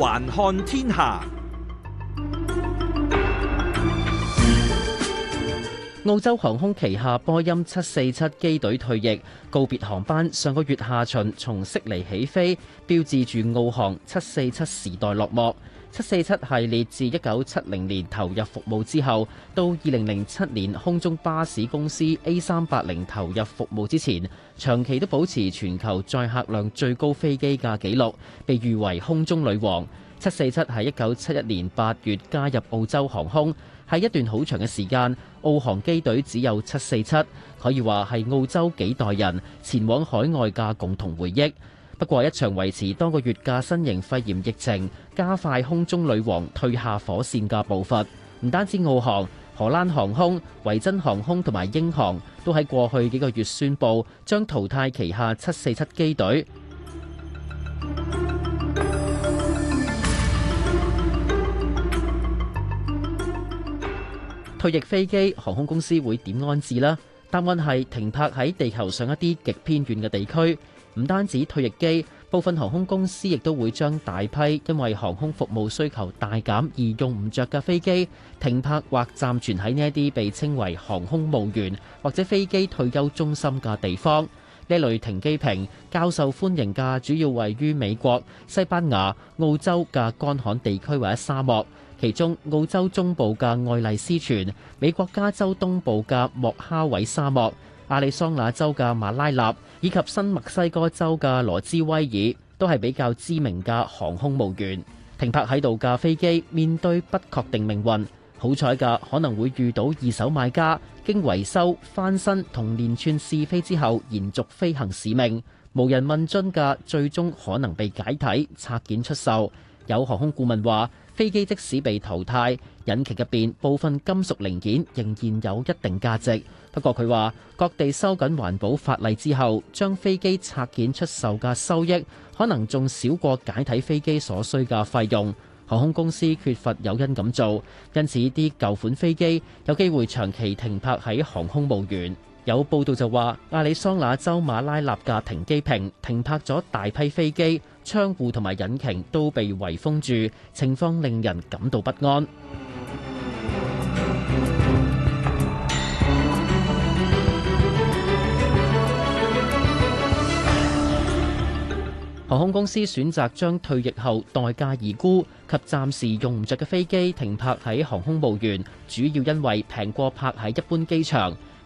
環看天下。澳洲航空旗下波音七四七機隊退役，告別航班上個月下旬從悉尼起飛，標誌住澳航七四七時代落幕。七四七系列自一九七零年投入服務之後，到二零零七年空中巴士公司 A 三八零投入服務之前，長期都保持全球載客量最高飛機嘅紀錄，被譽為空中女王。七四七喺一九七一年八月加入澳洲航空，喺一段好長嘅時間，澳航機隊只有七四七，可以話係澳洲幾代人前往海外嘅共同回憶。不過，一場維持多個月嘅新型肺炎疫情，加快空中女王退下火線嘅步伐。唔單止澳航、荷蘭航空、維珍航空同埋英航都喺過去幾個月宣佈將淘汰旗下七四七機隊。退役飛機航空公司會點安置呢？答案係停泊喺地球上一啲極偏遠嘅地區。唔單止退役機，部分航空公司亦都會將大批因為航空服務需求大減而用唔着嘅飛機停泊或暫存喺呢一啲被稱為航空墓園或者飛機退休中心嘅地方。呢類停機坪較受歡迎嘅主要位於美國、西班牙、澳洲嘅乾旱地區或者沙漠。其中澳洲中部嘅愛麗絲泉、美國加州東部嘅莫哈韋沙漠、亞利桑那州嘅馬拉納以及新墨西哥州嘅羅茲威爾，都係比較知名嘅航空墓園，停泊喺度架飛機面對不確定命運。好彩噶可能會遇到二手買家，經維修、翻新同連串試飛之後，延續飛行使命。無人問津噶最終可能被解體，拆件出售。有航空顧問話：飛機即使被淘汰，引擎入邊部分金屬零件仍然有一定價值。不過佢話，各地收緊環保法例之後，將飛機拆件出售嘅收益可能仲少過解體飛機所需嘅費用。航空公司缺乏誘因咁做，因此啲舊款飛機有機會長期停泊喺航空墓園。有報道就話，亞利桑那州馬拉納架停機坪停泊咗大批飛機，窗戶同埋引擎都被圍封住，情況令人感到不安。航空公司選擇將退役後待價而沽及暫時用唔着嘅飛機停泊喺航空墓園，主要因為平過泊喺一般機場。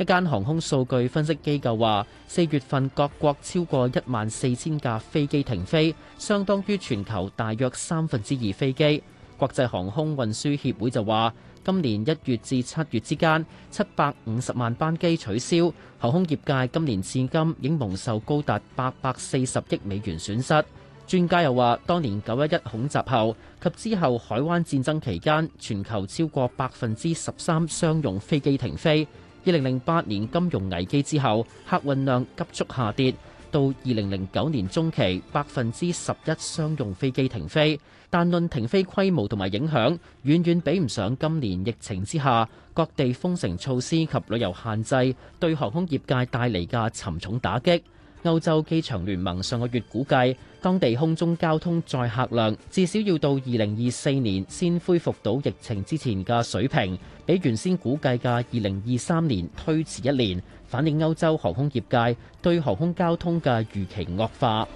一間航空數據分析機構話，四月份各國超過一萬四千架飛機停飛，相當於全球大約三分之二飛機。國際航空運輸協會就話，今年一月至七月之間七百五十萬班機取消，航空業界今年至今已蒙受高達八百四十億美元損失。專家又話，當年九一一恐襲後及之後海灣戰爭期間，全球超過百分之十三商用飛機停飛。二零零八年金融危機之後，客運量急速下跌，到二零零九年中期，百分之十一商用飛機停飛。但論停飛規模同埋影響，遠遠比唔上今年疫情之下，各地封城措施及旅遊限制對航空業界帶嚟嘅沉重打擊。歐洲機場聯盟上個月估計，當地空中交通載客量至少要到二零二四年先恢復到疫情之前嘅水平，比原先估計嘅二零二三年推遲一年，反映歐洲航空業界對航空交通嘅預期惡化。